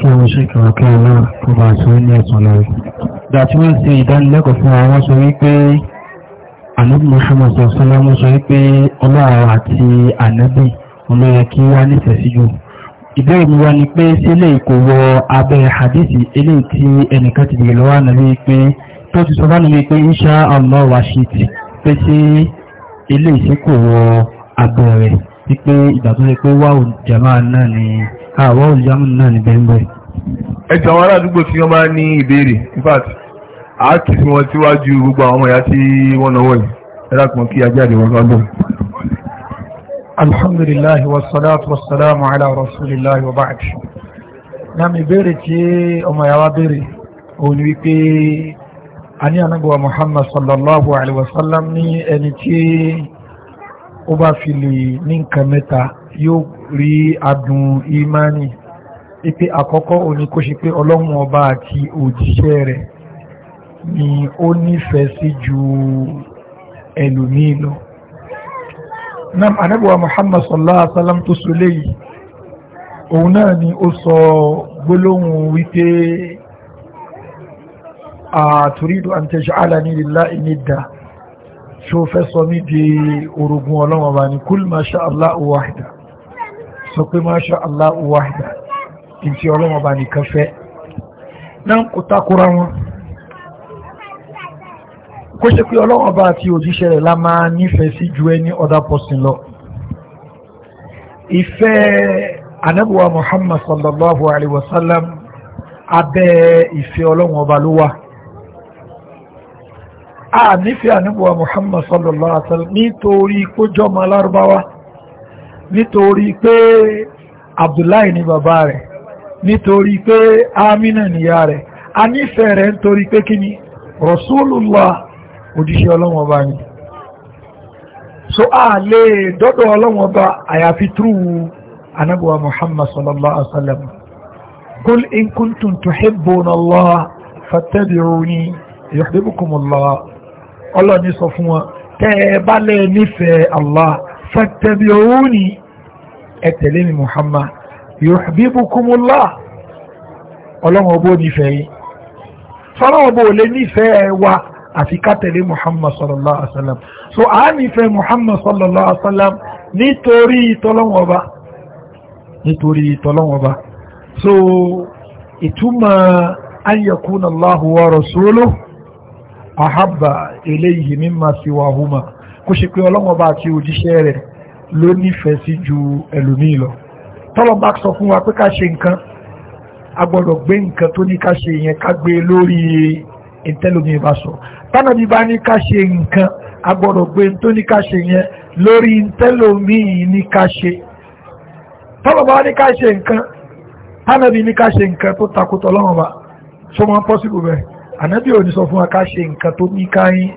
kí àwọn ṣíkà ọ̀kẹ́ ọlọ́run kó bá ṣe ní ẹ̀sán lọ́wọ́. Ìgbà tí wọ́n ṣe ìdánilẹ́kọ̀ọ́ fún wa wọ́n sọ wípé ànábì Muhammad sọ sọ́lá wọ́n sọ wípé ọlọ́run àti ànábì olóyẹ kí wá nífẹ̀ẹ́ sí jù. Ìbéèrè mi wá ni pé sílẹ̀ kò wọ abẹ́ hadisi eléyìí tí ẹnìkan ti dìgbè lọ́wọ́ ànábì pé tó ti sọ bá níbi pé insha Allah wa ṣe ti pé sí ilé wọ abẹ́ rẹ̀ wípé ìgbà tó yẹ pé wáwò jama náà ni àwọ̀ olùjámù náà ni bẹ́ẹ̀ ẹjọ́ àwọn aládùúgbò tí wọ́n bá ní ìbéèrè in fact a kì sí wọn síwájú gbogbo àwọn ọmọ ìyá tí wọ́n náwó yìí ẹ̀rọ kan kí ajáde wọn lọ́dọ̀ alhamdulillahi wasalaatu wasalaamu ala rasulillahi wa ba'd nam ìbéèrè tí ọmọ ìyá béèrè òun ni wípé a muhammad sallallahu alaihi wasallam ní ẹni tí ó bá fi lè ní nǹkan mẹ́ta yóò rí adùn imani ipe àkọ́kọ́ òní kó ṣe pé ọlọ́run ọba àti òjíṣẹ́ rẹ̀ ni ó nífẹ̀ẹ́ sí ju ẹlòmíì lọ nam anabuwa muhammad sallallahu alaihi wasallam tó sọ léyìí òun náà ni ó sọ gbólóhùn wípé àtúrídù an taj'alani lillahi nidda ṣe o fẹ́ sọ mí di orogun ọlọ́wọ́n bá ní kúl masha Allahu wahda sọ pé masha Allahu wahda kí n ti ọlọ́wọ́n bá nìkan fẹ́ náà kò takora wọn kó ṣe pé ọlọ́wọ́n bá àti òjíṣẹ́ rẹ̀ la máa nífẹ̀ẹ́ sí ju ẹni other person lọ ìfẹ́ anábùwà Muhammad sallallahu alaihi wasallam abẹ́ ìfẹ́ ọlọ́wọ́n ọba ló wà a nífẹ́ àníbùwà Muhammad sallallahu alaihi wasallam nítorí kó jọmọ lárúbáwá nítorí pé Abdullahi ni bàbá rẹ̀ nítorí pé Amina nìyá rẹ̀ a nífẹ́ rẹ̀ nítorí pé kí ni Rasulullah òjíṣẹ́ ọlọ́wọ́n bá ní so a lè dọ́dọ̀ ọlọ́wọ́n àyàfi true anábùwà Muhammad sallallahu alaihi wasallam قل إن كنتم تحبون الله فاتبعوني ọlọ́ni sọ fún wọn tẹ́ ẹ bá lẹ́ nífẹ̀ẹ́ Allah fattabi'uni ẹ tẹ̀lé mi Muhammad yuhibbukumullah ọlọ́run ọbọ̀ nífẹ̀ẹ́ yìí sọ́rọ̀ ọbọ̀ ò lè nífẹ̀ẹ́ wa so a nífẹ̀ẹ́ Muhammad sallallahu alaihi wasallam nítorí tọ́lọ́wọ́n ọba nítorí tọ́lọ́wọ́n so ìtumọ̀ an yakuna Allahu wa ahaba eléyìí mimma siwahuma kó ṣe pé ọlọ́wọ́n bá àti òjíṣẹ́ rẹ̀ ló nífẹ̀ẹ́ sí ju ẹlòmíì lọ tọ́lọ́mbà sọ fún wa pé ká ṣe nǹkan a gbọ́dọ̀ gbé nǹkan tó ní ká ṣe yẹn ká gbé lórí ìtẹ́lómi bá sọ tánàbí bá ní ká ṣe nǹkan a gbọ́dọ̀ gbé tó ní ká ṣe yẹn lórí ìtẹ́lómi ní ká ṣe tọ́lọ́mbà ní ká ṣe nǹkan tánàbí ní ká ṣe nǹkan tó takò tọ́lọ́mọba so máa ń bẹ́ẹ̀ ànábì ò ní sọ fún wa ká ṣe nǹkan tó ní káyín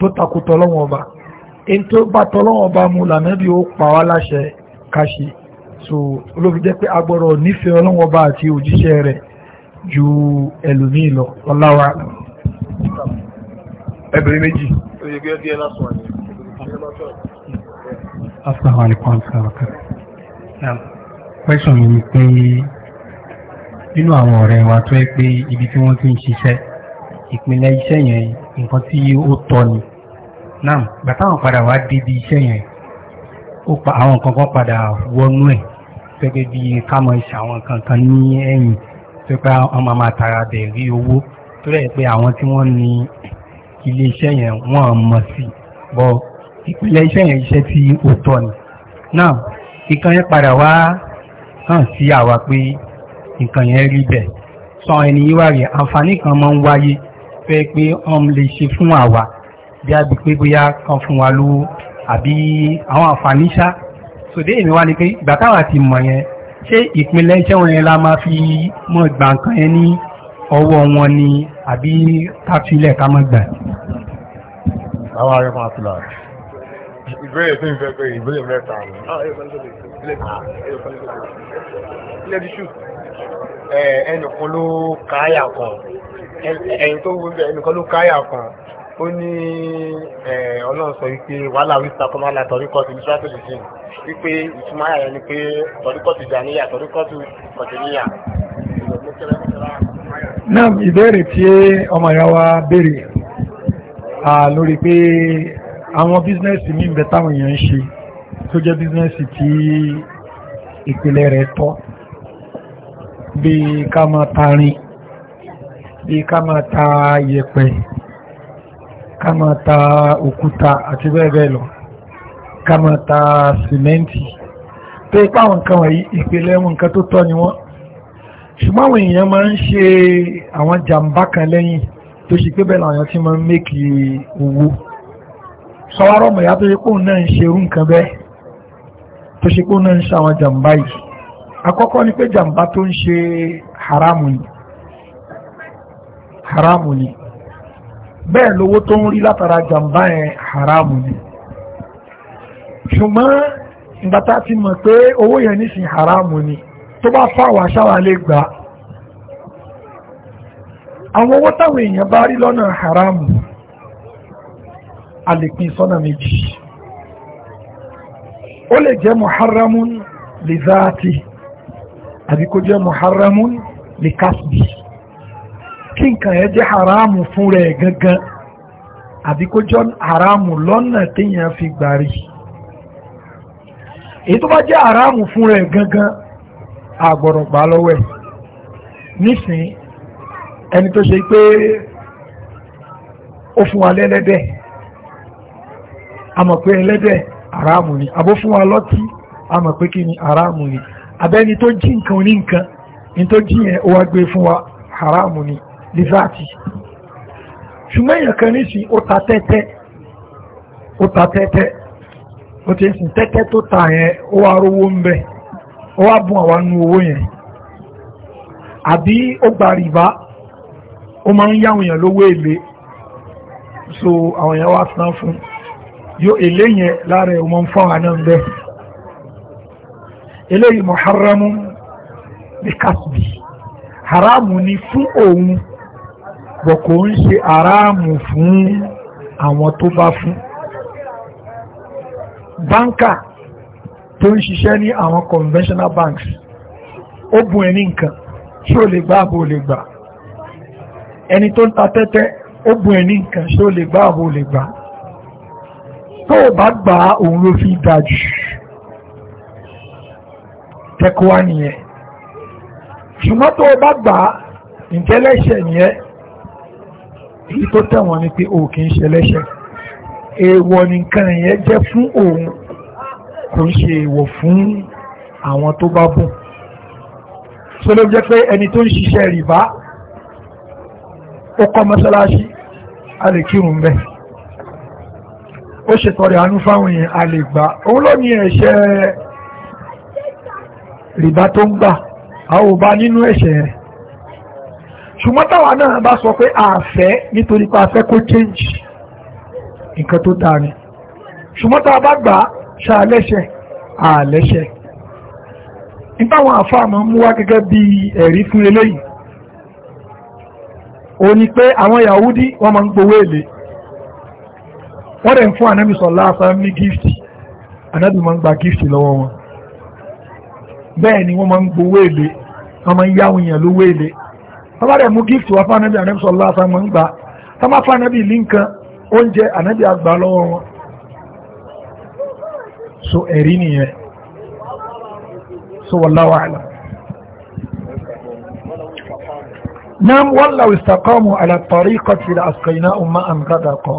tó takò tọ́lọ́wọ́n ọba èyí tó bá tọ́lọ́wọ́n ọba mu lànábì ó pa wá láṣẹ ká so olófin jẹ́ pé agbọ́rọ̀ nífẹ̀ẹ́ ọlọ́wọ́n ọba àti òjíṣẹ́ rẹ̀ ju ẹlòmíì lọ ọláwa. ẹbìrin méjì. asalaamu alaykum wa rahmatulah. Um, question mi ni pé nínú àwọn ọ̀rẹ́ wa tó yẹ pé ibi tí wọ́n ti ń ṣiṣẹ́ ìpínlẹ̀ iṣẹ́ yẹn nǹkan tí ó tọ́ ni náà gbàtàwọn padà wá débi iṣẹ́ yẹn àwọn nǹkan kan padà wọnú ẹ̀ gẹ́gẹ́ bí kámọ̀ iṣẹ́ àwọn nǹkan ní ẹ̀yìn tó pé wọ́n máa máa tara bẹ̀ rí owó tó rẹ̀ pé àwọn tí wọ́n ní ilé iṣẹ́ yẹn wọ́n mọ̀ sí bọ́ ìpínlẹ̀ iṣẹ́ yẹn iṣẹ́ tí ó tọ́ ni náà nǹkan yẹn padà wá hàn sí àwa pé nǹkan yẹn rí bẹ́ẹ̀ sọ ẹni yíwá rẹ̀ àǹfààní kan máa ń wáyé fẹ́ pé wọ́n lè ṣe fún àwa bí a bí pé bóyá kan fún wa lówó àbí àwọn àǹfààní ṣá sòdé èmi wá ni pé ìgbà táwa ti mọ̀ yẹn ṣé ìpínlẹ̀ iṣẹ́ wọn yẹn la máa fi mọ̀ gbà nǹkan yẹn ní ọwọ́ wọn ni àbí ká filẹ̀ ká mọ̀ gbà. àwọn ará máa fi là ìbéèrè tó ń fẹ́ pé ìbéèrè mẹ́ta ni. Ah, ilé ẹni kan ah, eh, ló káyà kan ẹ̀yìn tó wù bẹ́ẹ̀ nìkan ló káyà kan ó ní ọlọ́run sọ wípé wàhálà wíta kọ́ máa la tọ́ríkọ́tù ní sọ́tò jìjìn wípé ìtumọ̀ ayà ni pé tọ́ríkọ́tù jàníyà tọ́ríkọ́tù kọ̀tìníyà. náà ìbéèrè tí ọmọ ìyá wa béèrè lórí pé àwọn bísínẹ́sì mi ń bẹ táwọn èèyàn ń ṣe tó jẹ́ bísínẹ́sì tí ìpìlẹ̀ rẹ̀ tọ́ bí ká máa tarin bí ká máa ta yẹ̀pẹ̀ ká máa ta òkúta àti bẹ́ẹ̀ bẹ́ẹ̀ lọ ká máa ta sìmẹ́ǹtì tó ipá àwọn nǹkan wọ̀nyí ìpìlẹ̀ wọn nǹkan tó tọ́ ni wọ́n ṣùgbọ́n àwọn èèyàn máa ń ṣe àwọn jàǹbá kan lẹ́yìn tó ṣe pé bẹ́ẹ̀ làwọn ti máa ń mékì owó sọwárọ̀ mọ̀ tó ṣe pòun náà ń ṣe irú nǹkan bẹ́ẹ̀ tó ṣe pòun náà ń ṣe àwọn jàǹbá yìí àkọ́kọ́ ni pé jàǹbá tó ń ṣe haramu yìí haramu ni bẹ́ẹ̀ lówó tó ń rí látara jàmbá yẹn haramu ni ṣùgbọ́n ìgbàtà ti mọ̀ pé owó yẹn nísìn haramu ni tó bá fáwà ṣáwà lè gbà àwọn owó táwọn èèyàn bá rí lọ́nà haramu a lè pín sọ́nà méjì ó lè jẹ́ muharramun li zaati àbí jẹ́ muharramun li kasbi kí nǹkan ẹ jẹ́ haramu fún rẹ̀ gangan àbí kó jọ haramu lọ́nà téèyàn fi gbari rí èyí tó bá jẹ́ haramu fún rẹ̀ gangan àgbọ̀rọ̀ gbà lọ́wọ́ ẹ̀ nísìn ẹni tó ṣe pé ó fún wa lẹ́lẹ́dẹ̀ a mọ̀ pé ẹlẹ́dẹ̀ haramu ni àbó fún wa lọ́tí a mọ̀ pé kí ni haramu ni abẹ́ni tó jí nǹkan oní nǹkan ní tó jí yẹn ó wá gbé fún wa haramu ni. dìfàtì ṣùgbọ́n èèyàn kan ní sí ó ta tẹ́tẹ́ ó ta tẹ́tẹ́ ó ti sìn tẹ́tẹ́ tó ta yẹn ó wá rówó ń bẹ̀ ó wá bùn àwa nu owó yẹn àbí ó gba rìbá ó máa ń yáwọn èèyàn lówó èlé so àwọn èèyàn wá san fún yóò èlé yẹn lára ẹ̀ wọ́n fún àwọn náà ń bẹ̀ eléyìí muharramu bí kásìbì haramu ni fún òun bọ̀ kò ń ṣe aráàmù fún àwọn tó bá fún báńkà tó ń ṣiṣẹ́ ní àwọn conventional banks ó bùn ẹni nǹkan ṣé o lè gbà àbò lè gbà ẹni tó ń ta tẹ́tẹ́ ó bùn ẹni nǹkan ṣé o lè gbà àbò lè gbà tó o bá gbà á òun ló fi dájú tẹ́kọ́ wá nìyẹn ṣùgbọ́n tó o bá gbà á ìjẹ́lẹ́ṣẹ̀ nìyẹn èyí tó tẹ̀wọ̀n ni pé òun kì í ṣe lẹ́ṣẹ̀ èèwọ̀ nìkan yẹn jẹ́ fún òun kò ń ṣe èèwọ̀ fún àwọn tó bá bùn so ló jẹ́ pé ẹni tó ń ṣiṣẹ́ rìbá ó kọ́ mọ́sálásí a lè kírun bẹ́ẹ̀ ó ṣètọrẹ àánú fáwọn èèyàn a lè gbà òun ló ní ẹ̀ṣẹ̀ rìbá tó ń gbà a nínú ẹ̀ṣẹ̀ rẹ̀ ṣùgbọ́n táwa náà bá sọ pé àfẹ́ nítorí pé àfẹ́ kó change nǹkan tó dáa ni ṣùgbọ́n táwa bá gbà ṣàlẹ́ṣẹ̀ àlẹ́ṣẹ̀ nípa àwọn àfáàmọ́ mú wá gẹ́gẹ́ bí ẹ̀rí fún eléyìí ó ní pé àwọn Yahudi wọ́n máa ń gbowó èlé wọ́n dẹ̀ ń fún anábì sọ̀lá ní gift anábì máa ń gba gift lọ́wọ́ wọn bẹ́ẹ̀ ni wọ́n máa ń gbowó èlé wọ́n máa ń yáwọn èèyàn lówó èlé tọ́bá rẹ̀ mú gift wá fún anábì anábì sọ́lá àtàwọn ń gbà tọ́bá fún anábì ní nǹkan oúnjẹ anábì àgbà lọ́wọ́ wọn so ẹ̀rí nìyẹn so wallahu a'lam nam wọ́lá ìsàkọ́mù àlàtọ̀ríkọ̀ ti rà àsìkò iná ọmọ àǹkàdà kọ́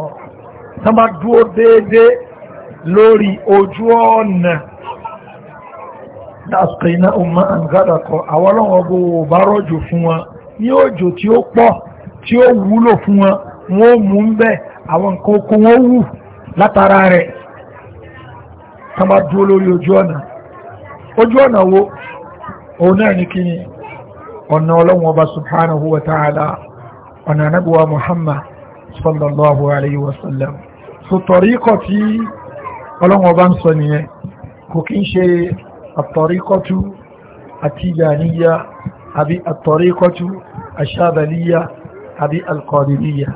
tọ́bá àwọn ọlọ́wọ́ bá rọ́jù fún wọn ní òjò tí ó pọ̀ tí ó wúlò fún wọn wọn ó mú ń bẹ̀ àwọn nǹkan oko wọn wù látara rẹ̀ ká máa dúró lórí ojú ọ̀nà ojú ọ̀nà wo òun náà ní kíni ọ̀nà ọlọ́run ọba subhanahu wa ta'ala ọ̀nà anábíwá muhammad sallallahu alayhi wa sallam so tọ̀ríkọ̀ tí ọlọ́run ọba ń sọ nìyẹn kò kí ń ṣe àtọ̀ríkọ̀ tú àti ìyàníyà àbí àtọ̀ríkọ́tú àṣàbàlíyà àbí alkọ̀ọ̀dìníyà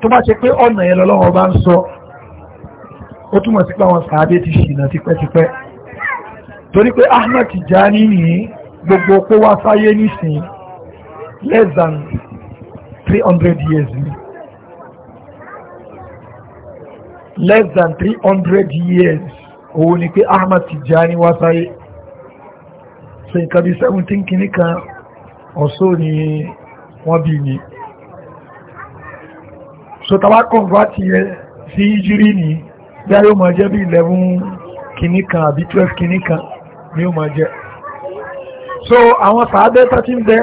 tó bá ṣe pé ọ̀nà yẹn lọ́wọ́ bá ń sọ ó túmọ̀ sí pé àwọn sàábé ti ṣìnà tipẹ́tipẹ́ torí pé Ahmad Tijani ní gbogbo kó wá sáyé nísìn less than 300 years ni less than 300 years òun ni pé Ahmad Tijani wá sáyé so nǹkan bí 17 kìíní kan ọ̀sọ́ ni wọ́n bí ní so tàbá kọ̀nvátì yẹ sí ìjírí ní bí a yóò máa jẹ́ bí 11 kìíní kan àbí 12 kìíní kan ni yóò máa jẹ́ so àwọn sàádẹ́ tàbí ń bẹ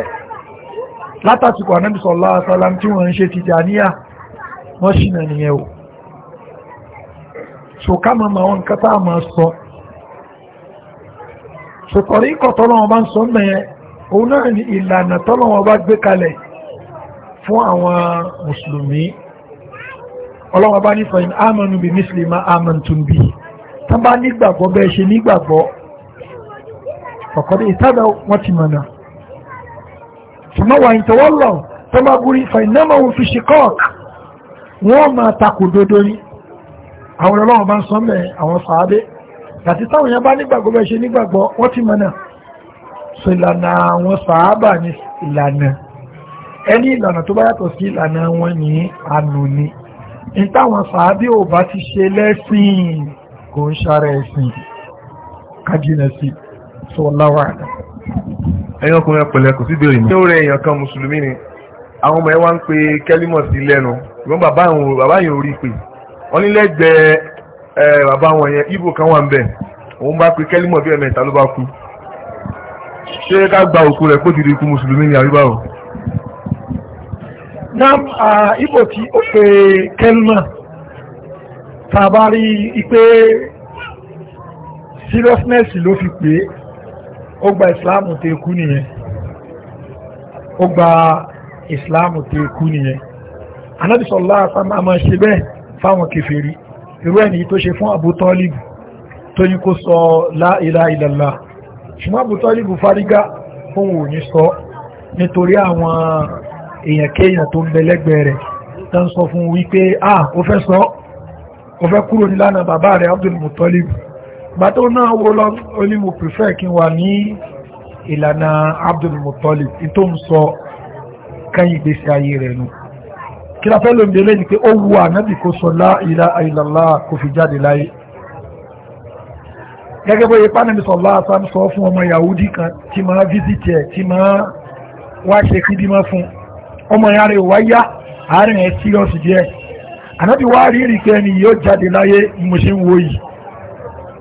látàsìkò ànábìsọ̀lá àsálàm tí wọ́n ń ṣe Tìjàníyà wọ́n ṣìnà nìyẹn o so ká mọ̀ mọ̀ àwọn nǹkan tá a máa sọ so, sòtọ̀rí ikọ̀ tọ́lọ́wọ́n bá ń sọ mẹ́yẹn òun náà ni ìlànà tọ́lọ́wọ́n bá gbé kalẹ̀ fún àwọn mùsùlùmí ọlọ́wọ́n bá ní fọyín amanu bi misli ma amantum bi tán bá nígbàgbọ́ bẹ́ẹ̀ ṣe nígbàgbọ́ ọ̀kọ́dé ìtàdà wọ́n ti mọ̀nà ṣùgbọ́n wà ìtọ́wọ́lọ̀ tó bá gúrí fọyín náà máa fi ṣe kọ́ọ̀k wọ́n máa takò dodo ni àwọn ọlọ́wọ́n bá ń sọ mẹ́ àwọn sàádé àti táwọn yẹn bá nígbàgbọ́ bẹ́ẹ̀ ṣe nígbàgbọ́ wọ́n ti mọ̀nà so ìlànà àwọn sàábà ní ìlànà ẹni ìlànà tó bá yàtọ̀ sí ìlànà wọn ní ànú ni ní táwọn sàábì ò bá ti ṣe lẹ́sìn kò ń ṣàrẹ̀ ẹ̀sìn kájínà sí sọ́láwà àdá ẹ̀yàn ọkùnrin ẹ̀pẹ̀lẹ̀ kò sí bèèrè mọ́. lóòrè èèyàn kan mùsùlùmí ni àwọn ọmọ ẹ wá ń pe kẹ́límọ̀ sí lẹ́nu ṣùgbọ́n bàbá yìí ò rí pé wọ́n ní lẹ́gbẹ̀ẹ́ Eh, bàbá wọn yẹn ibo kan wà ń bẹ̀ òun bá pe kẹ́límọ̀ bí ẹ̀mẹ́ta ló bá kú ṣé ká gba òkú rẹ̀ kó ti di ikú mùsùlùmí ni àríwá o. nam ibo tí ó pe kẹ́límọ̀ tá a bá rí i pé seriousness ló fi pé ó gba ìsìláàmù tó kú nìyẹn ó gba ìsìláàmù tó kú nìyẹn anábìsọ̀lá àtàmà máa ṣe bẹ́ẹ̀ fáwọn kèfèrí irú ẹni tó ṣe fún Abu Talib tó ní kó sọ la ilaha illallah ṣùgbọ́n Abu Talib fárígá fún òun ní sọ nítorí àwọn èèyàn kéèyàn tó ń bẹ rẹ̀ tó ń sọ fún wípé ah ó fẹ́ sọ ó fẹ́ kúrò nílànà bàbá rẹ̀ Abdul Muttalib bàtó náà wó lọ ó ní mo prefer Abdul Muttalib tó ń sọ kẹ́yìn ìgbésí ayé kí la fẹ́ ló ń délé ni pé ó wu ànábì kó sọ la ilaha illallah kó fi jáde láyé gẹ́gẹ́ bó ipá nàbì sọ̀lá àsán sọ fún ọmọ yahudi kan tí máa fíṣítì ẹ̀ tí máa wá ṣe kídímọ́ fún ọmọ ìyá rẹ̀ wá yá àárín ẹ̀ síríọ̀sì díẹ̀ ànábì wá rí rí pé yóò jáde láyé mo ṣe ń wo yìí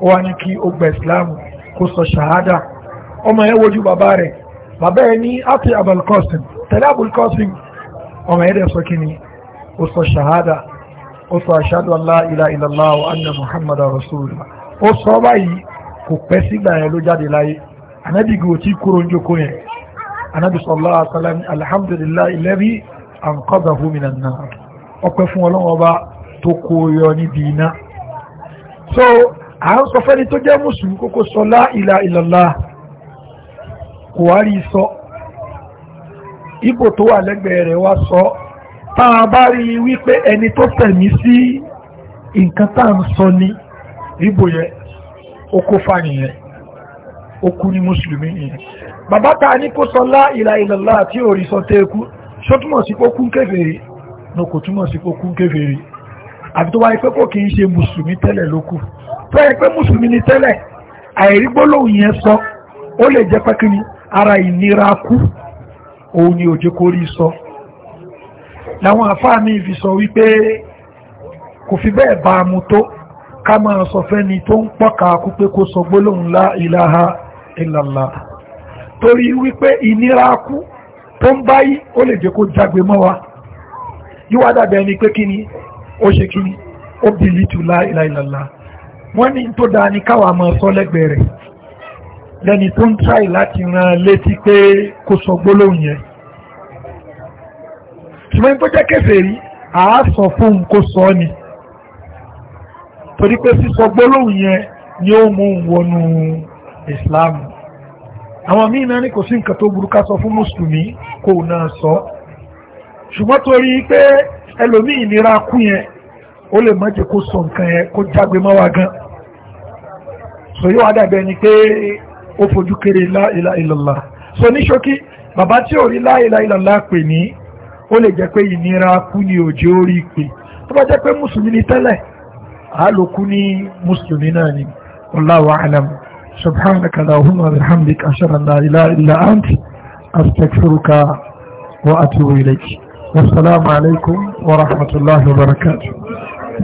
ó wá ní kí ó gba islam kó sọ ṣàhádà ọmọ ẹ̀ wojú bàbá rẹ̀ bàbá ẹ̀ ní àti abulkosim tẹ̀lé abulkosim ọmọ ẹ̀ dẹ̀ sọ kí ni ó sọ ṣàhádà ó sọ ashhadu an la ilaha illallah wa anna muhammadan rasulullah ó sọ báyìí kò pẹ́ sígbà yẹn ló jáde láyé anábì gò tí kúrò ń jókòó yẹn anábì sallallahu alaihi wasallam alhamdulillahi alladhi anqadhahu minan ọpẹ́ fún ọlọ́wọ́ tó kó yọ níbi iná so a ń sọ fẹ́ni tó jẹ́ mùsùlùmí kókó sọ la ilaha illallah kò wá rí sọ ibò tó wà lẹ́gbẹ̀ẹ́ rẹ̀ wá sọ tá a bá rí wípé ẹni tó tẹ̀mí sí nǹkan tá à ń sọ ní ríbo yẹn ó kó ó kú ní mùsùlùmí yẹn bàbá tá ní kó sọ lá ìlà ìlàlá àti òrìṣọ tẹ́ẹ̀kú ṣó túmọ̀ sí pé kún kèfèrí no kò túmọ̀ sí kún kò kì í mùsùlùmí tẹ́lẹ̀ ló kù tó mùsùlùmí ni tẹ́lẹ̀ àìrí gbólóhùn yẹn sọ ó lè jẹ́ ara ìnira kú òun ni làwọn àfáà mi fi sọ wípé kò fi bẹ́ẹ̀ bá a mu tó ká máa sọ fẹ́ni tó ń pọ́ka kú pé kó sọ gbólóhùn lá ìlàhà ìlàlá torí wípé ìnira kú tó ń báyìí ó lè jẹ́ kó jágbe mọ́ wa yíwá dàbẹ̀ ni pé kíni ó ṣe kíni ó bìlítù lá ìlàlá wọ́n ní tó dáa ní káwà máa sọ lẹ́gbẹ̀ẹ́ rẹ̀ lẹ́ni tó ń tráì láti ran létí pé kó sọ gbólóhùn yẹn ṣùgbọ́n tó jẹ́ kèfèrí àá sọ fún kó sọ ọ́ ni torí pé sísọ gbólóhùn yẹn ni ó mú wọnú Islam àwọn míì náà ní kò sí nǹkan tó burú ká sọ fún mùsùlùmí kò náà sọ ṣùgbọ́n torí pé ẹlòmíì ìnira kú yẹn ó lè má jẹ́ kó sọ nǹkan yẹn kó jágbe mọ́ wa gan so yóò wá dàbẹ́ ni pé ó fojú kéré la ilaha ní ṣókí bàbá tí ò rí la pè ní ó lè jẹ́ pé ìnira kú ní òjò orí ìpè tó bá jẹ́ pé mùsùlùmí ni tẹ́lẹ̀ a lò kú ní mùsùlùmí náà ni wallahu a'lam subhanaka allahumma bihamdika ashhadu an la ilaha wa atubu ilayk wassalamu alaikum wa rahmatullahi wa barakatuh